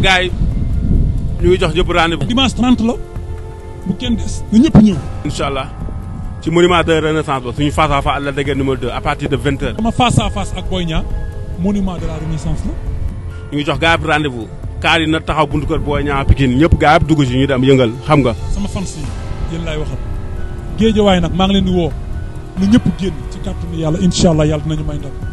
gars yi ñu ngi jox ñëpp rendez-vous. dimanche 30 la bu kenn des na ñëpp ñëw. incha allah ci monument de renaissance ba suñu face à face la déggee numéro 2 à partir de 20 heures. sama face à ak Boy Niang monument de la renaissance la. ñu ngi jox gars yi rendez-vous. kaar yi na taxaw buntu kër Boy Niang Pikine ñëpp gars yi dugg si ñu dem yëngal xam nga. sama fans yi yéen laay waxal waaye nag maa ngi leen di woo na ñëpp génn ci kàttanu yàlla incha allah yàlla dinañu may ndam.